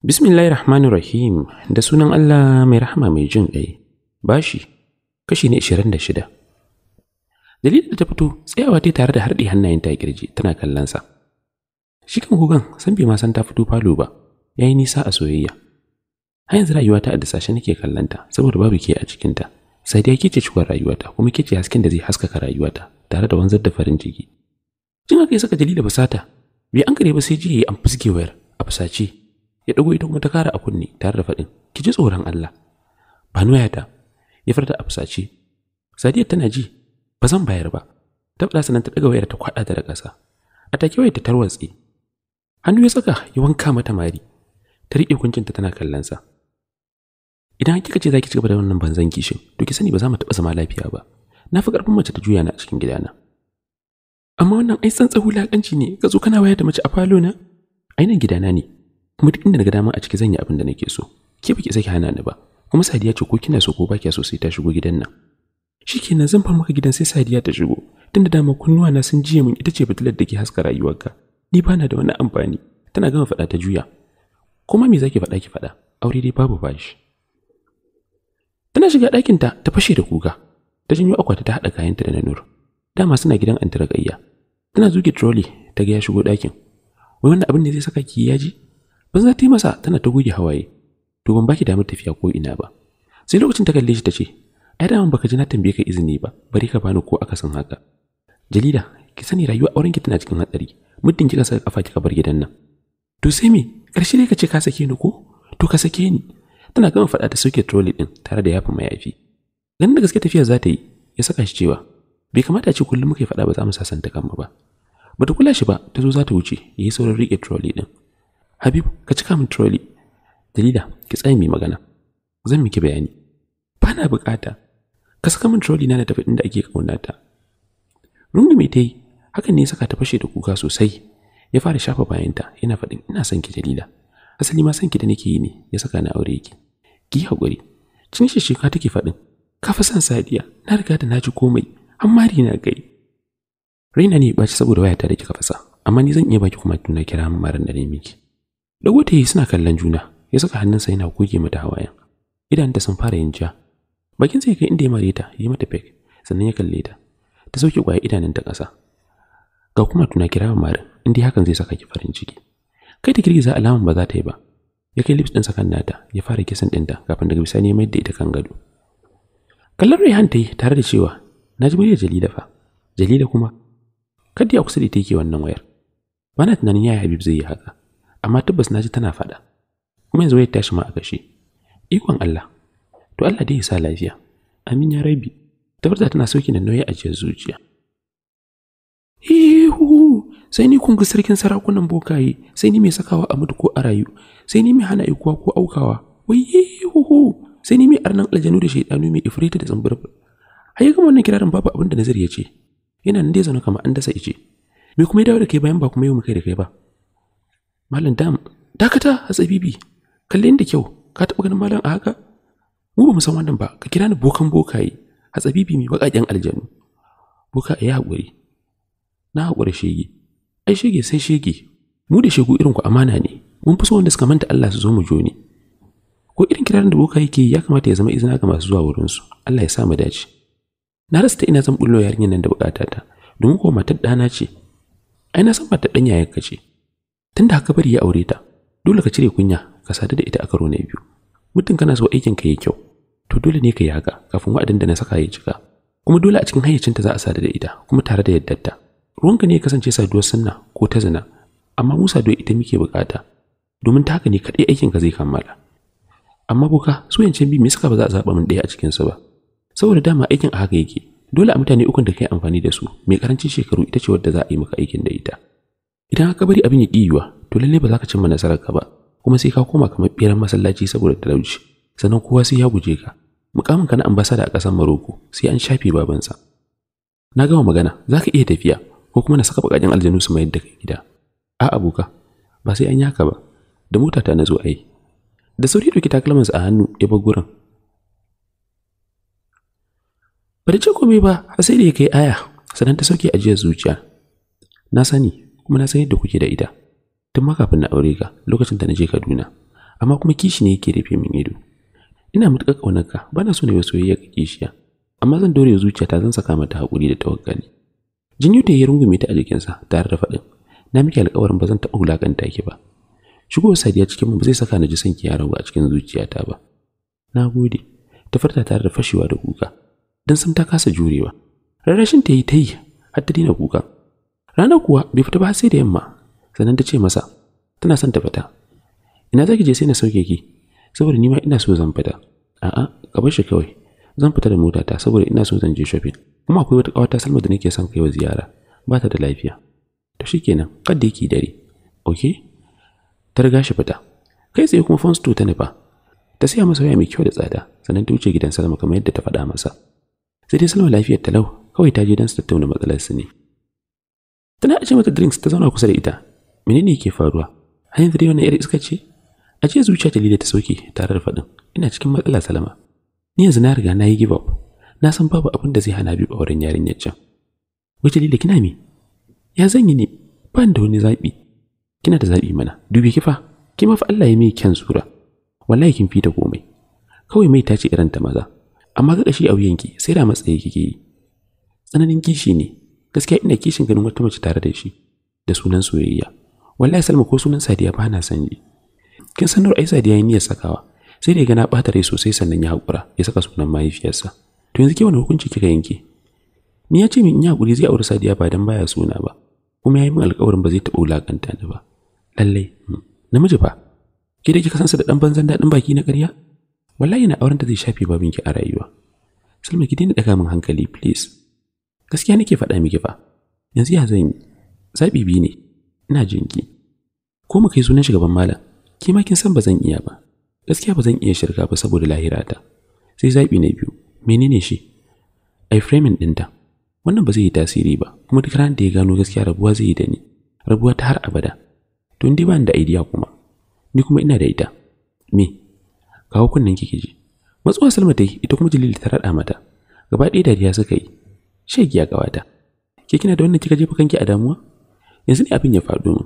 Bismillahir Rahmanir Rahim da sunan Allah mai rahama mai jin ƙai. Bashi kashi ne 26. Dalilin da ta fito tsayawa ta tare da harɗi hannayen ta kirji tana kallon sa. Shi kan hugan san bai ma san ta fito falo ba. Ya yi nisa a soyayya. Har yanzu rayuwa ta a dasashe nake kallon saboda babu ke a cikin ta. sai dai kike cikon rayuwata kuma kike hasken da zai haskaka rayuwata tare da wanzar da farin ciki jin aka ya saka jalila sata? bai an kare ba sai ji an fuske wayar a fasace ya dago ita kuma ta kara a kunne tare da faɗin ki ji tsoron Allah ba ta ya farta a fasace Sadiya tana ji ba zan bayar ba ta fada sanan ta daga wayar ta kwada da kasa a take wayar ta tarwatse hannu ya saka ya wanka mata mari ta rike kuncinta tana kallon sa idan kika ce zaki cigaba da wannan banzan kishin to ki sani ba za mu taɓa zama lafiya ba na fi ƙarfin mace ta juya ni a cikin gidana amma wannan ai tsantsa lakanci ne ka zo kana wayar da mace a falo na ai nan gidana ne kuma duk inda ga dama a ciki zan yi abin da nake so ke baki saki hana ni ba kuma sadiya ce ko kina so ko ba so sai ta shigo gidan nan shikenan zan far maka gidan sai sadiya ta shigo tunda dama kunnuwa na sun jiye min ita ce fitilar da ke haska rayuwarka ni ba na da wani amfani tana gama faɗa ta juya kuma me zaki faɗa ki faɗa aure dai babu bashi Tana shiga ɗakinta ta fashe da kuka. Ta janyo akwata ta haɗa kayanta da na Dama suna gidan antiragayya. Tana zuge trolley ta ga ya shigo ɗakin. Wai wannan abin ne zai saka ki yaji? Ban za ta yi masa tana ta goge hawaye. To ban baki damar tafiya ko ina ba. Sai lokacin ta kalle shi ta ce, "Ai da baka ji na tambaye ka izini ba, bari ka bani ko aka san haka." Jalila, ki sani rayuwa aurenki tana cikin hatsari. Muddin kika saka kafa kika bar gidan nan. To sai me? Karshe dai ka ce ka sake ni ko? To ka sake ni. tana gama faɗa ta soke trolley ɗin tare da yafa mayafi ganin da gaske tafiya za ta yi ya saka shi cewa bai kamata a ce kullum muka faɗa ba za mu sasanta kanmu ba bata kula shi ba ta zo za ta wuce ya yi saurin riƙe trolley ɗin habib ka cika min trolley dalila ki tsaya mai magana zan miki bayani ba na bukata ka saka min trolley na na tafi inda ake kauna kaunata rungume ta yi hakan ne ya saka ta fashe da kuka sosai ya fara shafa bayanta yana faɗin ina son ki dalila asali ma san ki da nake yi ne ya saka ni aure ki ki hakuri cin shi shika take faɗin ka fa san sadiya na riga da na ji komai amma na gai raina ne ba ci saboda waya ta da kika fasa amma ni zan iya baki kuma tuna kira mun maran da ne miki dago ta yi suna kallon juna ya saka hannunsa yana goge mata hawayen idan ta sun fara yin ja bakin sai kai inda ya mare ta yi mata fake sannan ya kalle ta ta sauke kwaye idanun ta kasa ga kuma tuna kira maran inda hakan zai saka ki farin ciki kai ta girgiza alaman ba za ta yi ba ya kai lips ɗinsa kan nata ya fara kisan ɗinta kafin daga bisani ya mai da ita kan gado kallon Rehan ta yi tare da cewa na ji muryar Jalila fa Jalila kuma kada ya kusa da ita yake wannan wayar bana tunanin yaya Habib zai yi haka amma tabbas na ji tana faɗa kuma yanzu wayar tashi ma a kashe ikon Allah to Allah dai ya sa lafiya amin ya rabi tabbata tana sauki da nauyi a cikin zuciya ihu sai ni kunga sarkin sarakunan bokaye sai ni mai sakawa a mutu ko a rayu sai ni mai hana aikuwa ko aukawa waye hoho sai ni mai arnan aljanu da shaidanu mai ifrita da zamburfur har ya wannan kirarin babu abin da nazari ya ce yana nan dai zano kamar an dasa ice me kuma ya dawo da kai bayan ba kuma yau mu kai da kai ba malam dam dakata hatsabibi kalle da kyau ka taba ganin malam a haka mu ba mu san wannan ba ka kira ni bokan bokaye hatsabibi mai baƙaƙen aljanu boka ya haƙuri na hakuri shege ai shege sai shege mu da shegu irin ku amana ne mun fi so wanda suka manta Allah su zo mu joni ko irin kiran da boka yake ya kamata ya zama izina ga masu zuwa wurin su Allah ya sa mu dace na rasa ta ina zan bullo yarinyar nan da bukata ta domin ko matar dana ce ai na san matar dan yayanka ce tunda haka bari ya aure ta dole ka cire kunya ka sadu da ita a karo na biyu mutum kana so aikin ka yi kyau to dole ne ka yi haka kafin wa'adin da na saka ya cika kuma dole a cikin hayyacinta za a sadu da ita kuma tare da ta. ruwanka ne ya kasance saduwar sunna ko ta zina amma mu saduwar ita muke bukata domin ta haka ne kaɗai ka zai kammala amma buka su yancin bi me suka ba za a zaɓa min ɗaya a su ba saboda dama aikin a haka yake dole a mutane ukun da kai amfani da su mai karancin shekaru ita ce wadda za a yi maka aikin da ita idan aka bari abin ya ƙiyuwa to lalle ba za ka cimma nasarar ka ba kuma sai ka koma kamar ɓeran masallaci saboda talauci sannan kowa sai ya guje ka mukamin ka na ambasada a ƙasar maroko sai an shafe babansa na gama magana za ka iya tafiya ko kuma na saka bakakin aljanu su mayar da kai gida a abuka ba sai an yaka ba da mota ta na zo ai da sauri ɗauki takalmansa a hannu ya bar gurin ba da komai ba har sai da ya kai aya sannan ta sauke ajiyar zuciya na sani kuma na san yadda kuke da ita tun ma kafin na aure ka lokacin da na je Kaduna amma kuma kishi ne yake rufe min ido ina matuƙar ƙaunar ka bana so na yi soyayya ga kishiya amma zan dore zuciya zan saka mata haƙuri da tawakkali Jinyu da ya rungume ta a jikinsa tare da faɗin, na miki alƙawarin ba zan taɓa wulaƙanta ki ba. shigo sadiya cikin mu ba zai saka na ji sanki ki ya ragu a cikin zuciyata ba. Na gode, ta farta tare da fashewa da kuka, don sam ta kasa jurewa. Rarrashin ta yi ta yi har ta daina kuka. Ranar kuwa bai fita ba sai da yamma, sannan ta ce masa, tana son ta fita. Ina za ki je sai na sauke ki, saboda ni ma ina so zan fita. A'a, ka bar shi kawai, zan fita da motata saboda ina so zan je shopping kuma akwai wata kawata Salma da nake son kaiwa ziyara ba ta da lafiya to shikenan kada yake dare okay ta riga shi fita kai sai kuma fons ta nufa ta siya masa waya mai kyau da tsada sannan ta wuce gidan Salma kamar yadda ta faɗa masa sai dai Salma lafiyar talau kawai ta je don su tattauna matsalar su ne tana ajiye mata drinks ta zauna kusa da ita menene yake faruwa har yanzu dai wannan yar iska ce a ce zuciya ta lida ta sauke tare da faɗin ina cikin matsala salama. ni yanzu na riga na yi give up na san babu abin da zai hana bi auren yarinyar can wace lila kina me ya zan yi ne ba da wani zaɓi kina da zaɓi mana dubi kifa ki ma fa Allah ya mai kyan sura wallahi kin fita komai kawai mai tace irin ta maza amma ga kashi a wuyanki sai da matsayi kike yi tsananin kishi ne gaskiya ina kishin ganin wata mace tare da shi da sunan soyayya wallahi salma ko sunan sadiya ba na san kin sanar ai sadiya ya niyyar sakawa sai da ya gana ɓata rai sosai sannan ya haƙura ya saka sunan mahaifiyarsa to yanzu ke wani hukunci kika yanke ni ya ce min in hakuri zai auri sadiya ba dan baya suna ba kuma ya yi min alƙawarin ba zai taɓa wulaƙanta ni ba lallai hmm, namiji ba. ke da kika san sa da ɗan banzan daɗin baki na ƙarya wallahi na auren ta zai shafe babinki a rayuwa salma ki daina ɗaga min hankali please gaskiya nake faɗa miki fa yanzu ya zan yi zaɓi biyu ne ina jinki ko mu kai sunan shugaban malam ke ma kin san ba zan iya ba gaskiya ba zan iya shirka ba saboda lahirata sai zaɓi na biyu menene shi ai framing ɗinta wannan ba zai yi tasiri ba kuma duk ran da ya gano gaskiya rabuwa zai yi da ni rabuwa ta har abada to ni ba ni da idea kuma ni kuma ina da ita me kawo kunnen kike ji matsuwa salma ta yi ita kuma jalili ta raɗa mata gaba ɗaya dariya suka yi ya gawata ke kina da wannan kika jefa kanki a damuwa yanzu ne abin ya faɗo mu.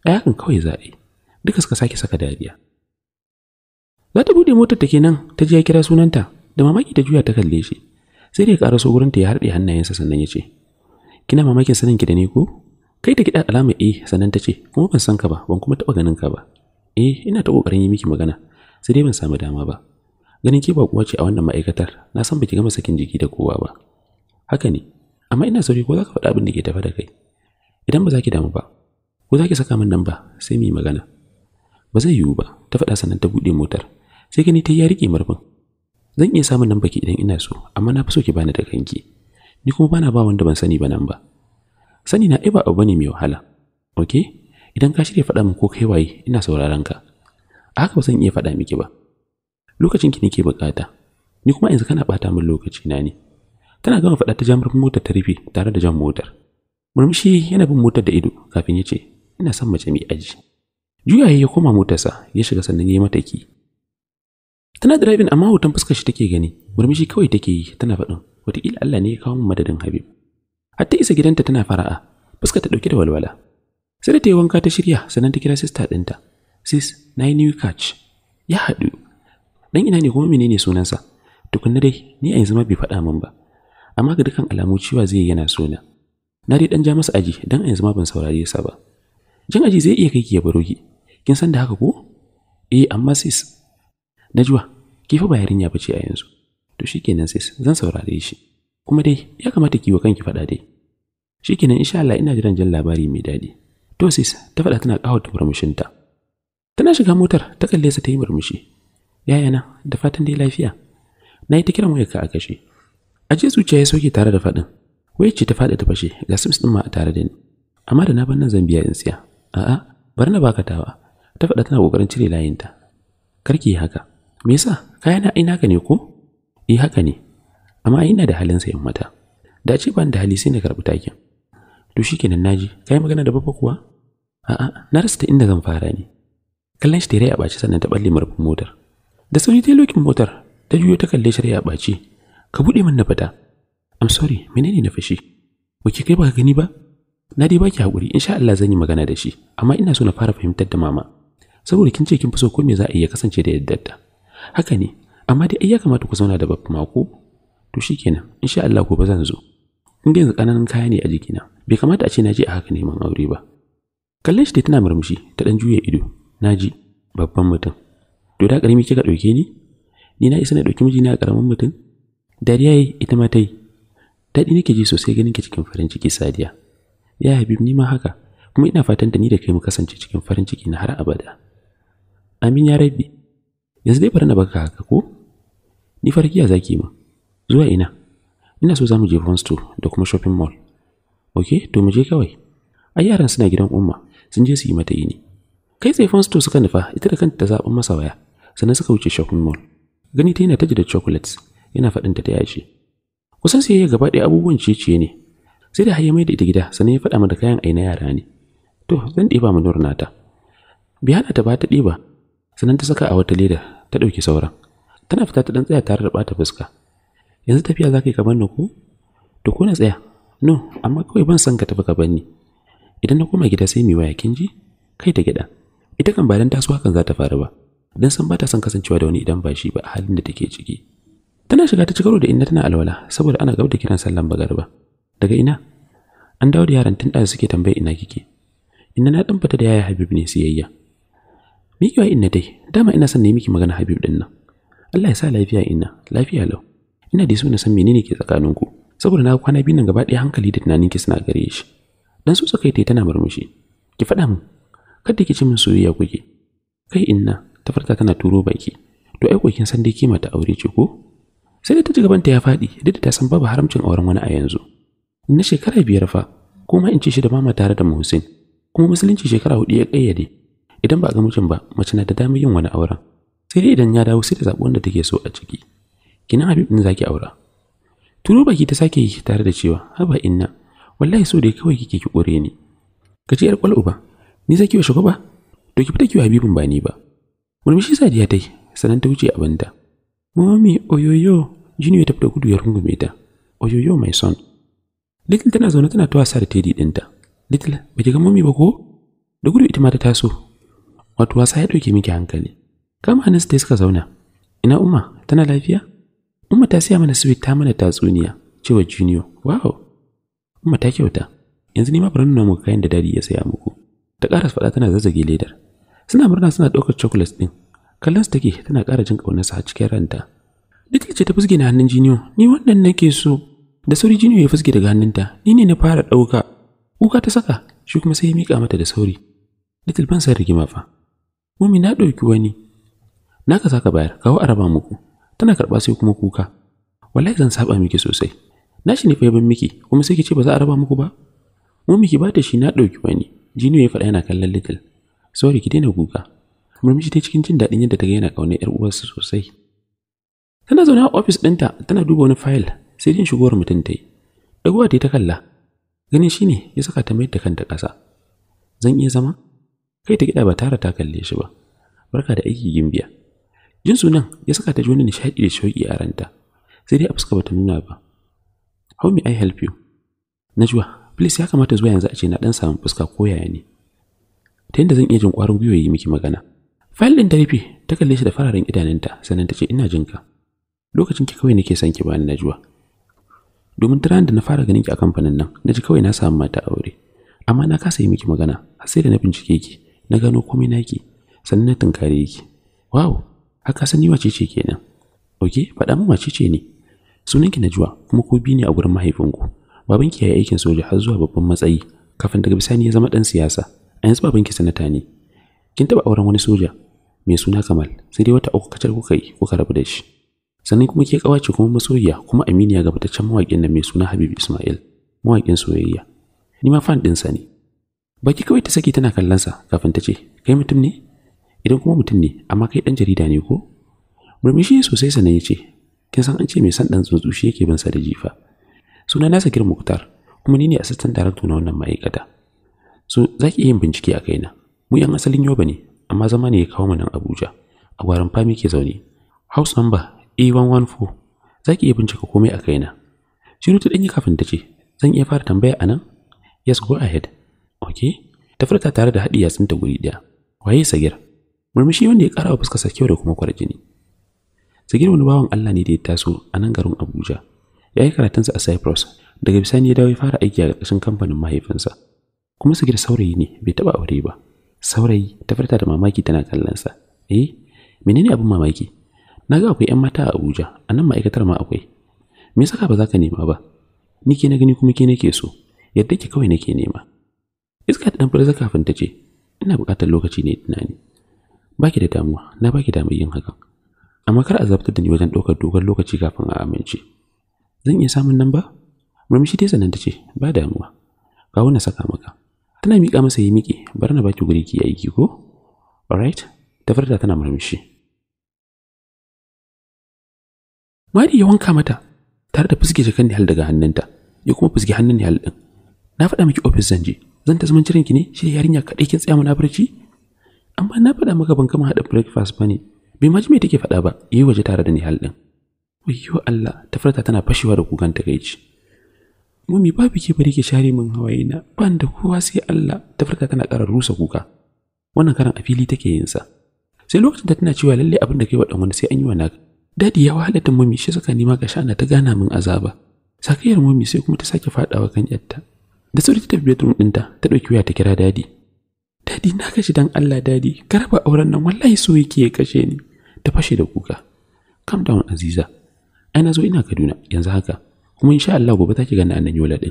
ɗaya hakan kawai zaɓe duka suka sake saka dariya za ta buɗe motar ta kenan ta je ya kira sunanta da mamaki ta juya ta kalle shi sai dai ya gurin ta ya harbe hannayensa sannan ya ce kina mamakin sanin ki da ni ko kai ta kida alama eh sannan ta ce kuma ban san ka ba ban kuma taba ganin ka ba eh ina ta kokarin yi miki magana sai dai ban samu dama ba ganin ke kuwa ce a wannan ma'aikatar na san baki gama sakin jiki da kowa ba haka ne amma ina sauri ko za ka faɗa abin da ke tafa da kai idan ba za ki damu ba ko za ki saka min nan ba sai mu yi magana ba zai yiwu ba ta faɗa sannan ta buɗe motar sai gani ta ya rike murfin zan iya samun nan baki idan ina so amma na fi so ki bani da kanki ni kuma bana ba wanda ban sani ba nan ba sani na iba abu bane mai wahala okay idan ka shirya faɗa min ko kai waye ina sauraron ka a haka ba zan iya faɗa miki ba lokacin ki nake bukata ni kuma yanzu kana bata min lokaci na ne tana gama faɗa ta jamar motar ta rufe tare da jan motar murmushi yana bin motar da ido kafin ya ce ina son mace mai aji juyaye ya koma motarsa ya shiga sannan ya yi mata Tana driving amma hoton fuskar shi take gani, murmushi kawai take yi tana faɗin, wataƙila Allah ne ya kawo min madadin Habib. Har ta isa gidanta tana fara'a, fuskar ta ɗauke da walwala. Sai da ta yi wanka ta shirya sannan ta kira sister ɗinta. Sis, na yi new catch. Ya haɗu. Dan ina ne kuma menene sunansa? Tukunna dai, ni a yanzu ma bai faɗa min ba. Amma ga dukkan alamu cewa zai yi yana suna. Na dai dan ja masa aji dan a yanzu ma ban saurare sa ba. Jan aji zai iya kai ki ya baro ki. Kin san da haka ko? Eh, amma sis. Najwa, ki fa ba yarinya bace a yanzu to shikenan sis zan saurare shi kuma dai ya kamata ki wa kanki fada dai shikenan insha Allah ina jiran jin labari mai daɗi to sis ta faɗa tana murmushin ta tana shiga motar ta kalle sa ta yi murmushi yayana da fatan dai lafiya na yi ta kiran wayarka a kashe a je zuciya ya soke tare da faɗin wai ce ta fada ta fashe ga sims ɗin ma a tare da ni amma da na bar nan zan biya in siya a'a bari na baka tawa ta faɗa tana ƙoƙarin cire layinta karki haka Me yasa? Kayana ina ka ne ko? Eh haka ne. Amma ina da halin sayan mata. Da ce ban da hali sai na karɓi takin. To shikenan naji. Kai magana da baba kuwa? A'a, na rasa ta inda zan fara ne. Kallon shi tare a ɓaci sannan ta balle murfin motar. Da sauri ta lokin motar, ta juyo ta kalle shi a ɓaci. Ka buɗe min na fita. I'm sorry, menene na fashi? Ba kai ba gani ba? Na dai baki hakuri, insha Allah zan yi magana da shi, amma ina so na fara fahimtar da mama. Saboda kin ce kin fi so ko me za a iya kasance da yaddarta. haka ne amma dai ai ya kamata ku zauna da babba mako to shikenan insha Allah gobe zan zo in yanzu kananan kaya ne a jikina bai kamata a ce naji a haka neman aure ba kallon shi dai tana murmushi ta dan juya ido naji babban mutum to da karimi kika dauke ni ni na isa na dauki mijina karamin mutum dariya yi ita ma tai dadi daɗi nake ji sosai ganin ki cikin farin ciki sadiya ya habib ni ma haka kuma ina fatan da ni da kai mu kasance cikin farin ciki na har abada amin ya rabbi yanzu dai bari na baka haka ko ni farkiya zaki ma zuwa ina ina so za mu je Fun Store da kuma shopping mall okay to mu je kawai ai yaran suna gidan umma sun je su yi mata yini kai sai Fun Store suka nufa ita da kanta ta masa waya sannan suka wuce shopping mall gani ta yana taji da chocolates yana faɗin ta ta kusan sai ya gaba ɗaya abubuwan ciye ne sai da har ya mai da ita gida sannan ya faɗa mata kayan aina yara ne to zan ɗeba mu nurna ta biya hana ta ba ta diba sannan ta saka a wata leda ta ɗauki sauran tana fita ta ɗan tsaya tare da ɓata fuska yanzu tafiya za ka yi kamar ku to ko na tsaya no amma kawai ban san ka tafi kaban ni idan na koma gida sai mi waya kin ji kai ta gida ita kan ba dan taso kan za ta faru ba dan san ba ta son kasancewa da wani idan ba shi ba a halin da take ciki tana shiga ta cikaro da inna tana alwala saboda ana gaba da kiran sallan bagarba daga ina an dawo da yaran tun da suke tambaye ina kike inna na dan fata da yaya habib ne siyayya wa inna dai dama ina son ne miki magana habib din nan Allah ya sa lafiya inna lafiya lau ina da so na san menene ke ku saboda na kwana biyu nan gaba ɗaya hankali da tunanin ki suna gare shi dan su tsakai tana murmushi ki faɗa min kada ki ci min soyayya kuke kai inna ta farka tana turo baki to ai kin san dai kima ta aure ce ko sai da ta ji gaban ta ya faɗi duk da ta san babu haramcin auren wani a yanzu inna shekara biyar fa kuma in ce shi da mama tare da Muhsin kuma musulunci shekara hudu ya kayyade idan ba a ga mijin ba mace na da damar yin wani auren sai dai idan ya dawo sai ta zaɓi wanda take so a ciki kina habib din zaki aura turo baki ta sake yi tare da cewa haba inna wallahi so da kawai kike ki kore ni ka ci yar kwal uba ni zaki wa ba to ki fita ki habibin ba ni ba murmushi sadiya ta yi sanan ta wuce abinta mami oyoyo jini ya tafi gudu ya rungume ta oyoyo my son little tana zaune tana tawasa da teddy ɗinta little ba ki ga mami ba ko da gudu ita ma ta taso wato wasa ya ɗauke miki hankali kama hannun da suka zauna ina umma tana lafiya umma ta siya mana sweet ta mana tatsuniya cewa junior wow umma ta kyauta yanzu ni ma bari nuna muku kayan da dadi ya saya muku ta ƙara faɗa tana zazzage ledar suna murna suna ɗaukar chocolates ɗin kallon su take tana ƙara jin ƙaunarsa a cikin ranta duk ce ta fusge na hannun junior. ni wannan nake so da sauri jiniyo ya fusge daga hannunta ni ne na fara ɗauka kuka ta saka shi kuma sai ya mika mata da sauri little ban san rigima fa mumi na ɗauki wani naka za ka bayar kawo a raba muku tana karɓa sai kuma kuka wallahi zan saba miki sosai na shi ne fa miki kuma sai ki ce ba za a raba muku ba mumi ki bata shi na ɗauki wani jini ya faɗa yana kallon little sorry ki daina kuka murmushi ta cikin jin daɗin yadda ta ga yana ƙaunar 'yar uwarsa sosai tana zaune a ofis ɗinta tana duba wani fayil sai jin shigowar mutum ta yi ɗaguwa ta yi ta kalla ganin shi ne ya saka ta mayar da kanta ƙasa zan iya zama kai ta gida ba tara ta kalle shi ba barka da aiki gimbiya jin sunan ya saka ta ji wani nishaɗi da shauƙi a ranta sai dai a fuska bata nuna ba how may i help you najwa please ya kamata zuwa yanzu a ce na dan samu fuska ko yaya ne ta yadda zan iya jin ƙwarin gwiwa yi miki magana fayil ɗin ta rufe ta kalle shi da fararen idanunta sannan ta ce ina jin ka lokacin ki kawai nake son ki bani najwa domin tiran da na fara ganin ki a kamfanin nan na ji kawai na samu mata aure amma na kasa yi miki magana har sai da na bincike ki na gano komai naki sannan na tunkare ki wow haka sani wace ce kenan oke faɗa min wace ce ne sunanki Najwa kuma ko bi ne a gurin mahaifinku babanki yayi aikin soja har zuwa babban matsayi kafin daga bisani ya zama dan siyasa a yanzu ki sanata ne kin taba auren wani soja mai suna Kamal sai dai wata uku kacal kuka yi kuka rabu da shi sannan kuma ke kawace kuma masoyiya kuma aminiya ga fitaccen mawaƙin nan mai suna Habib Ismail mawakin soyayya ni ma fan ɗinsa ne baki kawai ta saki tana kallon sa kafin ta ce kai mutum ne idan kuma mutum ne amma kai dan jarida ne ko murmushi sosai sana ya ce kin san an ce mai san dan tsuntsu shi yake bin sa da jifa suna nasa kir muktar kuma ni ne assistant director na wannan ma'aikata so za ki yin bincike a kaina mu yan asalin yoba ne amma zama ne ya kawo mu nan abuja a gwaran fami ke zaune house number e114 za ki iya bincika komai a kaina shiru ta danyi kafin ta ce zan iya fara tambaya anan. yes go ahead ok ta furta tare da haɗi yatsunta guri ɗaya waye sagir murmushi wanda ya ƙara wa fuskarsa kyau da kuma kwarjini sagir wani bawan Allah ne da ya taso a nan garin Abuja ya yi karatunsa a Cyprus daga bisani ya dawo ya fara aiki a ƙarƙashin kamfanin mahaifinsa kuma sagir saurayi ne bai taɓa aure ba saurayi ta furta da mamaki tana kallon sa. eh menene abin mamaki na ga akwai 'yan mata a abuja a nan ma'aikatar ma akwai me saka ba za ka nema ba ni ke na gani kuma ke nake so yadda ke kawai nake nema Iska ta ɗanfar zaka kafin ta ce, ina buƙatar lokaci ne tunani. Ba ki da damuwa, na ba ki damar yin hakan. Amma kar a zabtar da ni wajen ɗaukar dogon lokaci kafin a amince. Zan iya samun nan ba? Murmushi ta sanar ta ce, ba damuwa. Kawo na saka maka. Tana miƙa masa yi miƙe, bar na baki guri ki aiki ko? Alright, ta furta tana murmushi. Mari ya wanka mata, tare da fuske jakan Nihal daga hannunta, ya kuma fuske hannun Nihal ɗin. Na faɗa miki ofis zan je, zan ta zumunci ranki ne shi yarinya kaɗai kin tsaya mana barci amma na faɗa maka ban gama haɗa breakfast ba ne bai ma ji me take faɗa ba yi waje tare da ni hal ɗin wayyo Allah ta tana fashewa da kukan gaici mummy babu ke bari ke share min hawaye na ban da kowa sai Allah ta tana ƙara rusa kuka wannan karan a fili take yin sa sai lokacin da tana cewa lalle abin da kai wa dan wani sai an yi wa naka dadi ya wahala da mummy shi saka nima ga shana ta gana min azaba sakayar mummy sai kuma ta sake fadawa kan yarta da sauri ta tafi bedroom ɗinta ta ɗauki waya ta kira dadi dadi na kashi dan Allah dadi ka raba auren nan wallahi so yake ya kashe ni ta fashe da kuka calm down aziza ai na zo ina kaduna yanzu haka kuma insha Allah gobe take gani annan yola din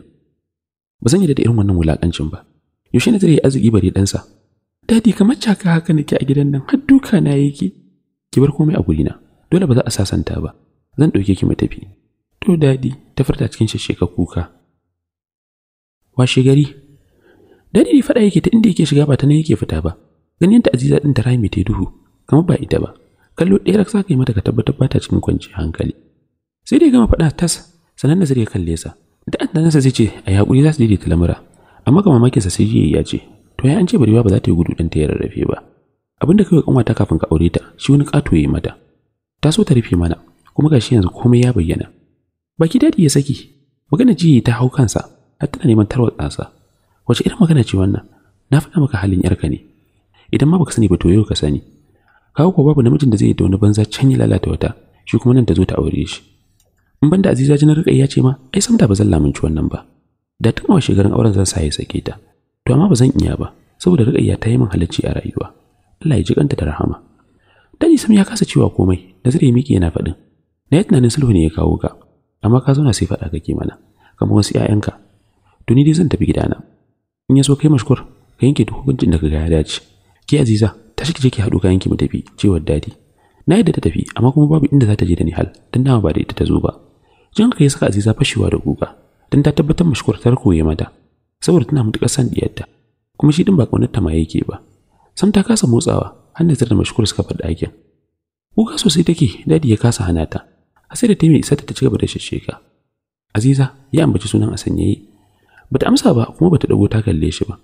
ba zan yarda da irin wannan wulakancin ba yaushe ne zai yi arziki bare sa dadi kamar caka haka nake a gidan nan har duka na yake ki bar komai a gurina dole ba za a sasanta ba zan ɗauke ki mu tafi to dadi ta furta cikin shasheka kuka washe gari dadi faɗa yake ta inda yake shiga ba ta nan yake fita ba ganin ta aziza din ta rahimi ta duhu kamar ba ita ba kallo ɗaya raksa kai mata ka tabbatar ba ta cikin kwanci hankali sai dai gama faɗa tas sanan nazari ya kalle sa da sa zai ce a yaƙuri za su ta lamura amma ga sa sai jiya ya ce to ya an ce barewa ba za ta yi gudu dan ta ya rarrafe ba abin da kanwa kanwata kafin ka aure ta shi wani ƙato ya yi mata ta so ta rufe mana kuma gashi yanzu komai ya bayyana baki dadi ya saki magana ji ta hau kansa har tana neman tarwatsa wace irin magana ce wannan na faɗa maka halin yarka ne idan ma baka sani ba to yau ka sani kawo ko babu namijin da zai yi da wani banza can ya lalata wata shi kuma nan ta zo ta aure shi in banda aziza jinar rikai ya ce ma ai sam da ba zan lamunci wannan ba da tun a shekarun auren zan sa sake ta to amma ba zan iya ba saboda rikai ta yi min halacci a rayuwa Allah ya ji kanta da rahama dani sam ya kasa cewa komai da zai miki yana faɗin na yi tunanin sulhu ne ya kawo ka amma ka zauna sai faɗa kake mana kamar wasu ‘ya'yanka to ni dai zan tafi gidana in ya so kai mashkur ka yanke duk hukuncin da kaga ya dace Ki aziza ta shi ki haɗu kayan ki mu tafi cewar dadi na yadda ta tafi amma kuma babu inda za ta je da hal dan dama ba da ita ta zo ba jin ya saka Aziza fashewa da kuka Don ta tabbatar mashkur ta koye mata saboda tana mutukar san diyarta kuma shi din ba kaunar ta ma yake ba sam ta kasa motsawa har da da mashkur suka faɗa akin kuka sosai take dadi ya kasa hana ta sai da ta mai isa ta ci gaba da shisheka Aziza ya ambaci sunan a sanyaye Bata amsa ba kuma bata dago ta kalle shi ba.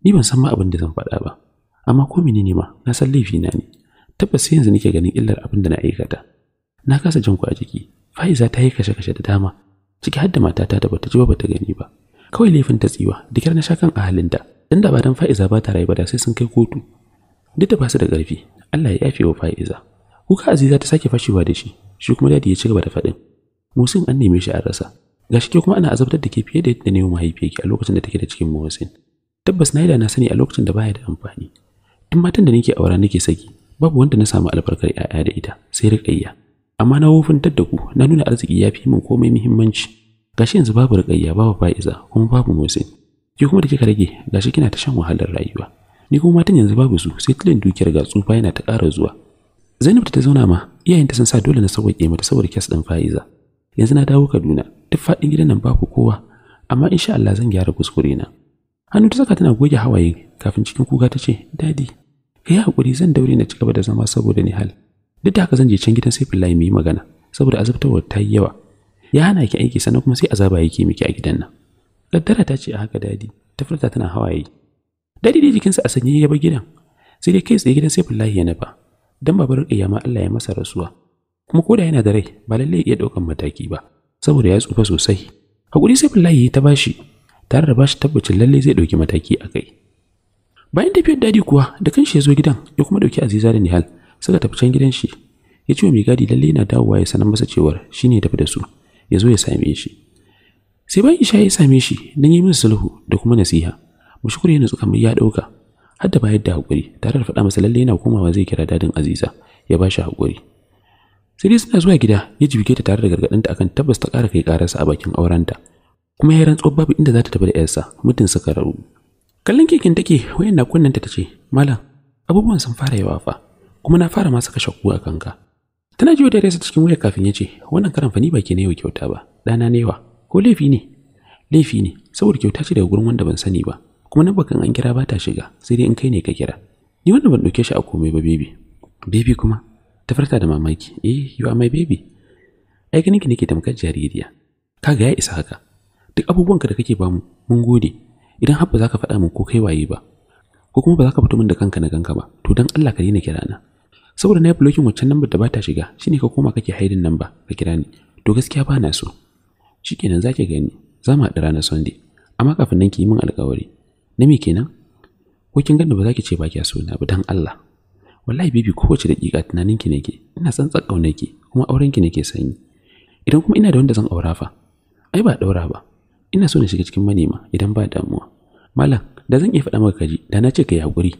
Ni ban san ma abin da zan faɗa ba. Amma ko ne ma na san laifi na ne. Tabbas sai yanzu nake ganin illar abin da na aikata. Na kasa jin ku a jiki. Fa'iza ta yi kashe-kashe da dama. Ciki har da matata da bata ji ba bata gani ba. Kawai laifin ta tsiwa, dikar na shakan ta Dan da ba dan Fa'iza ba ta rayu ba da sai sun kai kotu. Duk da ba su da ƙarfi, Allah ya yafe wa Fa'iza. Kuka Aziza ta sake fashewa da shi, shi kuma dadi ya ci gaba da faɗin. Musin an neme shi an rasa, gashi kuma ana azabtar da ke fiye da yadda ne mahaifiyarki a lokacin da take da cikin motsin. tabbas na da na sani a lokacin da baya da amfani tun matan da nake aura nake saki babu wanda na samu albarkar 'ya'ya da ita sai riƙayya amma na wofin da ku na nuna arziki ya fi min komai muhimmanci gashi yanzu babu riƙayya babu fa'iza kuma babu motsin. ki kuma da kika rage gashi kina ta shan wahalar rayuwa ni kuma matan yanzu babu su sai tilin dukiyar ga tsufa yana ta ƙara zuwa Zainab ta zauna ma iyayenta sun sa dole na sauƙaƙe mata saboda kyas ɗin fa'iza yanzu na dawo Kaduna duk faɗin gidan nan babu kowa amma insha Allah zan gyara kuskure na hannu ta saka tana goge hawaye kafin cikin kuka ta ce dadi kai hakuri zan daure na cigaba da zama saboda ni hal duk da haka zan je can gidan sai fillahi mu yi magana saboda azabtarwar ta yi yawa ya hana ki aiki sannan kuma sai azaba yake miki a gidan nan daddara ta ce a haka dadi ta furta tana hawaye dadi dai jikinsa a sanye ya bar gidan sai dai kai tsaye gidan sai fillahi ya nafa dan babar ya ma Allah ya masa rasuwa kuma koda yana da rai ba lalle ya iya daukan mataki ba saboda ya tsufa sosai hakuri sai billahi ta bashi tare da bashi tabbacin lalle zai dauki mataki a kai bayan tafiyar dadi kuwa da kanshi ya zo gidan ya kuma dauki aziza da nihal suka tafi can gidan shi ya ce wa mai gadi lalle yana dawowa ya sanar masa cewar shi ne tafi da su ya zo ya same shi sai bayan isha ya same shi don yi min sulhu da kuma nasiha mashukur ya nutsu kamar ya dauka har da bayar da hakuri tare da faɗa masa lalle yana komawa zai kira dadin aziza ya ba shi hakuri sai dai suna zuwa gida ya ji ta tare da gargadinta akan tabbas ta ƙara kai ƙararsa a bakin aurenta kuma ya rantsuwar babu inda za ta tafi da yarsa mutum suka rabu kallon keken take wayan na kunnanta ta ce malam abubuwan sun fara yawa fa kuma na fara masa saka shakku a kanka tana jiyo da yarsa cikin waya kafin ya ce wannan karan fani ni ba ke ne kyauta ba ɗana ne wa ko laifi ne laifi ne saboda kyauta ce daga gurin wanda ban sani ba kuma nan bakan an kira ba ta shiga sai dai in kai ne ka kira ni wannan ban ɗauke shi a komai ba bebi bebi kuma ta farta da mamaki eh you are my baby ai ganin ki nake tamkar jaririya kaga ya isa haka duk abubuwan ka da kake bamu mun gode idan har ba za ka faɗa min ko kai waye ba ko kuma ba za ka fito min da kanka na ganka ba to don Allah ka daina kira na saboda na yi blocking waccan lambar da ba ta shiga shine ka koma kake haidin number ka kira ni to gaskiya ba na so shikenan zaki gani za mu haɗu ranar Sunday amma kafin nan ki yi min alƙawari na me kenan ko kin ganda ba za ki ce ba ki so na ba dan Allah wallahi bibi kowace daƙiƙa tunanin ki nake ina san ƙaunar ki kuma auren ki nake sanyi idan kuma ina da wanda zan aura fa ai ba ɗaura ba ina so na shiga cikin manema idan ba damuwa malam da zan iya faɗa maka kaji da na ce ka yi haƙuri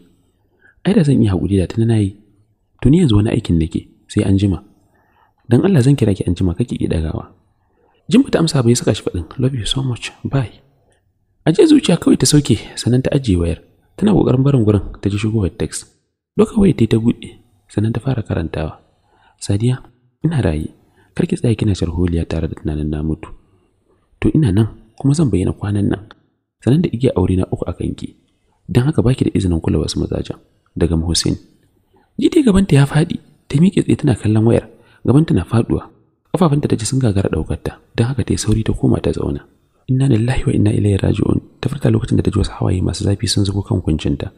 ai da zan iya haƙuri da tana na yi tuni yanzu wani aikin nake sai an jima dan Allah zan kira ki an jima kake ki dagawa jima ta amsa bai saka shi faɗin love you so much bye aje zuciya kawai ta sauke sannan ta ajiye wayar tana kokarin barin gurin ta ji shigowar text Doka wai ta buɗe, sannan ta fara karantawa. Sadiya, ina raye, kar ki tsaya kina sharholiya tare da tunanin na mutu. To ina nan kuma zan bayyana kwanan nan. Sannan da igiya aure na uku akan ki. dan haka baki da izinin kula wasu mazajen daga Hussein. Jide gabanta ya faɗi, ta miƙe tsaye tana kallon wayar, gabanta na faduwa. Ƙafafanta ta ji sun gagara daukar ta, don haka ta yi sauri ta koma ta zauna. Inna lillahi wa inna ilaihi raji'un, ta farka lokacin da ta ji wasu hawaye masu zafi sun zubo kan kuncinta.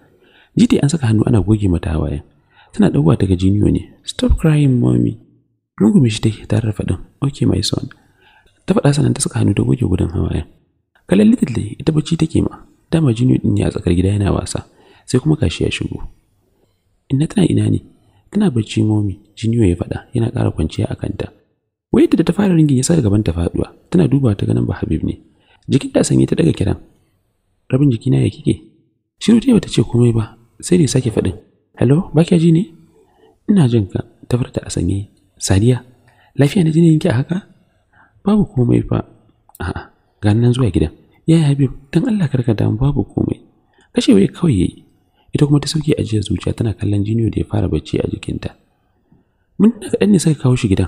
Jiti an saka hannu ana goge mata hawayen. Tana ɗauwa daga jiniyo ne. Stop crying mommy. Rungume shi take tare faɗin. Okay my son. Ta faɗa sanan ta saka hannu ta goge gudan hawayen. kallon little ita bacci take ma. Dama jiniyo din ya tsakar gida yana wasa. Sai kuma kashi ya shigo. Inna tana ina ne? Tana bacci mommy. Jiniyo ya faɗa yana ƙara kwanciya a kanta. Wayarta da ta fara ringin ya sa gaban ta faduwa. Tana duba ta ganin ba Habib ne. Jikin ta sanye ta daga kiran. Rabin jikina ya kike? Shiru ta bata ce komai ba, sai da sake faɗin hello ba kya ji ne ina jin ka ta a sanye sadiya lafiya na jinin ki a haka babu komai fa a'a ga nan zuwa gidan ya yi habib don Allah karka damu babu komai kashe wai kawai yayi ita kuma ta sauke ajiyar zuciya tana kallon jiniyo da ya fara bacci a jikinta mun da kaɗan ne suka kawo shi gidan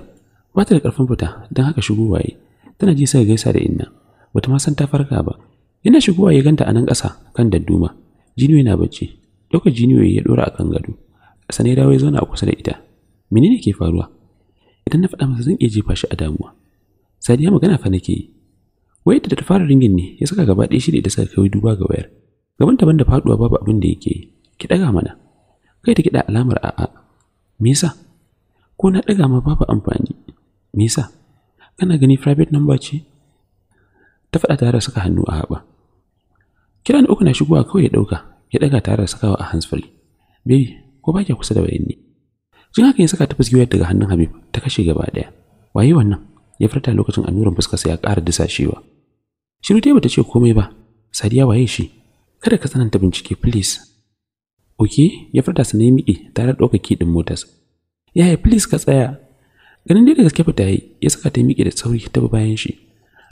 ba ta da ƙarfin fita don haka shigo waye tana ji suka gaisa da inna bata ma san ta farka ba yana shigowa ya ganta a nan ƙasa kan dadduma jiniyo na bacci Ɗaukar jiniyoyi ya dora a kan gado. Sani ya dawo ya zauna a kusa da ita. Menene ke faruwa? Idan na faɗa masa zan iya jefa shi a damuwa. Sadiya magana fa nake yi. Wai da ta fara ringin ne ya saka gaba ɗaya shi da ita saka kawai duba ga wayar. Gaban ta da faduwa babu abin da yake yi. Ki ɗaga mana. Kai ta kiɗa alamar a'a. Me yasa? Ko na ɗaga ma babu amfani. Me yasa? Kana gani private number ce? Ta faɗa tare suka hannu a haɓa. Kiran uku na shigowa kawai ya ɗauka ya daga tare da sakawa a hansfari baby ko ba kusa da wayanni? jin haka ya saka ta fuskiyar daga hannun habib ta kashe gaba daya waye wannan ya furta lokacin annuran fuskarsa ya ƙara disashewa shiru dai bata ce komai ba sadiya waye shi kada ka sananta bincike please oke ya furta sa ne miƙe tare da ɗaukar ɗin motas yaya please ka tsaya ganin dai da gaske fita yi ya saka ta miƙe da sauri ta bayan shi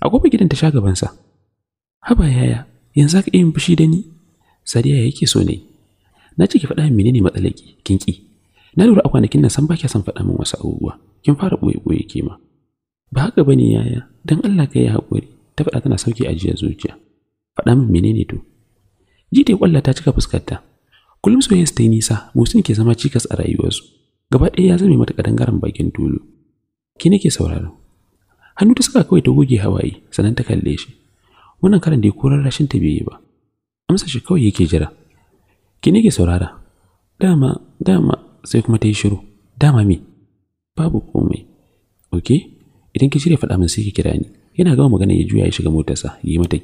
a kofar gidan ta sha gabansa haba yaya yanzu ka iya fushi da ni Sadiya yake so ne. Na ce faɗa min menene matsalaki, kin ki. Na lura a kwanakin nan san ba kya son faɗa min wasu abubuwa. Kin fara boye boye ke ma. Ba haka bane yaya, dan Allah ka yi hakuri. Ta faɗa tana sauki jiya zuciya. Faɗa min menene to? Ji ta kwalla ta cika fuskarta. Kullum soyayya ta yi nisa, Musin ke zama cikas a rayuwarsu. Gaba ɗaya ya zame mata kadangaren bakin tulu. Ki nake sauraro. Hannu ta suka kawai ta goge hawaye, sannan ta kalle shi. Wannan karan da ya korar rashin ta bai ba. amsa shi kawai yake jira ki ne ke saurara dama dama sai kuma ta yi shiru dama me babu komai ok idan ki shirya faɗa min sai ki kira ni yana gama magana ya juya ya shiga motarsa ya yi mata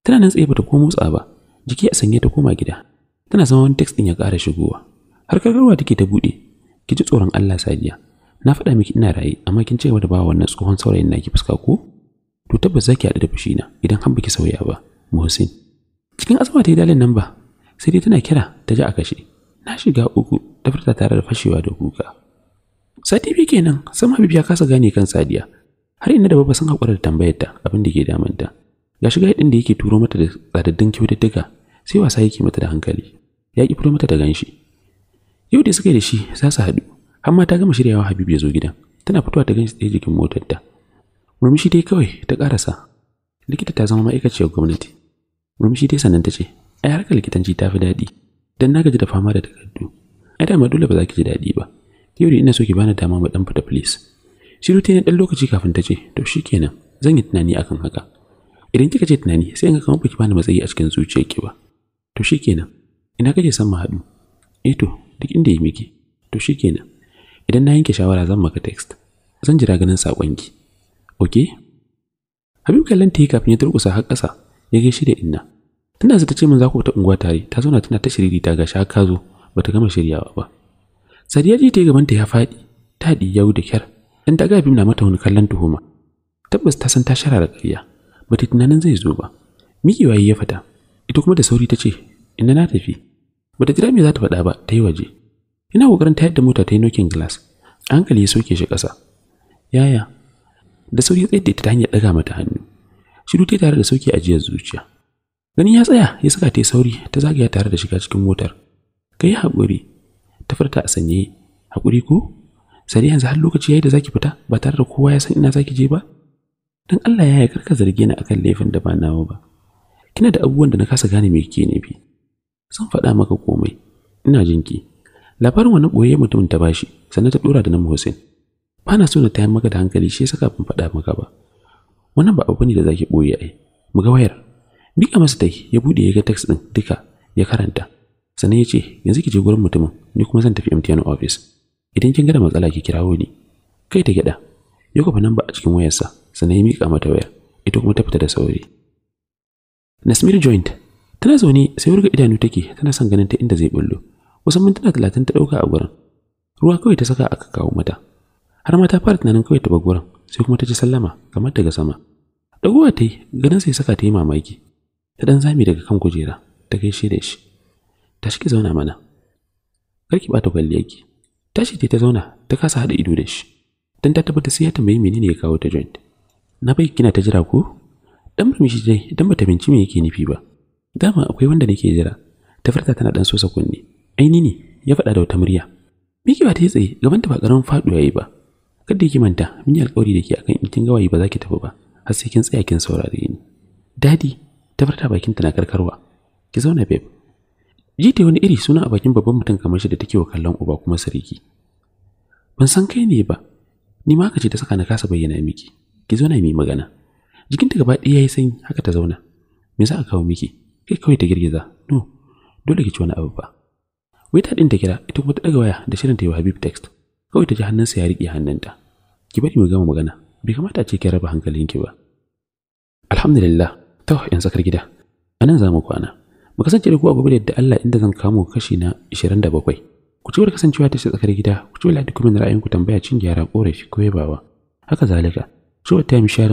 tana nan tsaye bata ko motsa ba jiki a sanye ta koma gida tana zama wani text din ya ƙara shigowa har karkarwa take ta buɗe ki ji tsoron Allah sadiya na faɗa miki ina raye amma kin ce da ba wannan tsohon saurayin naki fuska ko to tabbas zaki haɗu da fushi na idan har baki sauya ba Muhsin cikin azama ta yi dalin nan ba sai dai tana kira ta ji a kashe na shiga uku ta furta tare da fashewa da kuka sati biyu kenan sama habibu ya kasa gane kan sadiya har ina da baba sun haƙura da tambayar ta abin da ke ta. ga shiga ɗin da yake turo mata da tsadaddun kyaututtuka sai wasa yake mata da hankali ya ki fito mata da ganshi yau da suka yi da shi za su haɗu har ma ta gama shiryawa habibu ya zo gidan tana fitowa ta ganshi tsaye jikin motar ta murmushi dai kawai ta ƙarasa likita ta zama ma'aikaciyar gwamnati Rumshi dai sanan ta ce ai harkar likitanci ta fi daɗi dan na gaji da fama da takardu ai dama dole ba za ki ji daɗi ba yau ina so ki bani dama mu dan fita please shiru ta ne dan lokaci kafin ta ce to shikenan zan yi tunani akan haka idan kika ce tunani sai in ga kamar ki bani matsayi a cikin ki ba to shikenan ina kake son ma haɗu eh to duk inda ya miki to shikenan idan na yanke shawara zan maka text zan jira ganin sakonki okay Habib kallon ta yi kafin ya turkusa har ƙasa ya gaishe da inna tunda su ta ce min za ku ta unguwa tare ta zauna tana ta shiriri ta ga shaka zo bata gama shiryawa ba sadiya ji ta gaban ta ya faɗi ta di yau da kyar dan ta gafi na mata wani kallon tuhuma tabbas ta san ta shara da ba bata tunanin zai zo ba waye ya fata ita kuma da sauri ta ce inna na tafi bata jira me za ta faɗa ba ta yi waje ina kokarin ta yadda mota ta yi nokin glass hankali ya soke shi ƙasa yaya da sauri ya tsaye ta hanyar ɗaga mata hannu shiru ta tare da sauki a ajiyar zuciya gani ya tsaya ya saka ta sauri ta zagaya tare da shiga cikin motar kai hakuri. ta furta a sanye hakuri ko sai yanzu har lokaci yayi da zaki fita ba tare da kowa ya san ina zaki je ba dan Allah ya yi karka zarge ni akan laifin da ba nawa ba kina da abubuwan da na kasa gane me ke bi. zan faɗa maka komai ina jinki labarin wani boye mutumin ta bashi sannan ta dora da nan Hussein ba na so na tayar maka da hankali shi saka ban faɗa maka ba wannan ba abu ne da zaki boye ai mu ga wayar bika masa tai ya bude ya ga text din duka ya karanta sannan ya ce yanzu ki je gurin mutumin ni kuma zan tafi MTN office idan kin ga da matsala ki kirawo ni kai ta gida ya kwafa namba a cikin wayarsa sannan ya mika mata wayar ita kuma ta fita da sauri Nasmir joint tana zaune sai wurga idanu take tana son ganin ta inda zai bullo kusan mintuna talatin ta ɗauka a gurin ruwa kawai ta saka aka kawo mata har ma ta fara tunanin kawai ta gurin sai kuma ta ji sallama kamar daga sama dagowa ta yi ganin sai saka ta yi mamaki ta ɗan zami daga kan kujera ta gaishe da shi ta shi zauna mana karki bata kwalliyarki tashi ta ta zauna ta kasa hada ido da shi don ta tabbata sai ya tambayi menene ya kawo ta joint na bai kina ta jira ko dan murmushi dai dan bata binci me yake nufi ba dama akwai wanda nake jira ta furta tana dan so sakunni aini ne ya faɗa da wata murya Miki ba ta yi tsaye gaban ta ba karamin faɗuwa yi ba kada ki manta mun yi alƙawari da ke akan in kin gawayi ba za ki tafi ba har sai kin tsaya kin saurare ni dadi ta farta bakin ta na karkarwa ki zauna babe jita wani iri suna a bakin babban mutum kamar shi da take wa kallon uba kuma sariki ban san kai ne ba ni ma kace ta saka na kasa bayyana miki ki zauna mi magana jikinta gaba ɗaya yayi sanyi haka ta zauna me za a kawo miki kai kawai ta girgiza no dole ki ci wani abu ba wai ta ɗin ta kira ita kuma ta ɗaga waya da shirin ta yi wa habib text kawai ta ji hannunsa ya riƙe hannunta ki bari mu gama magana bai kamata a ce ki raba hankalinki ba alhamdulillah to yanzu tsakar gida anan za mu kwana mu kasance da ku a gobe da Allah inda zan kamo kashi na 27 ku ci kasancewa ta tsakar gida ku ci wala da kuma ra'ayinku tambaya cin gyara korafi ko yabawa haka zalika ku ci wata sha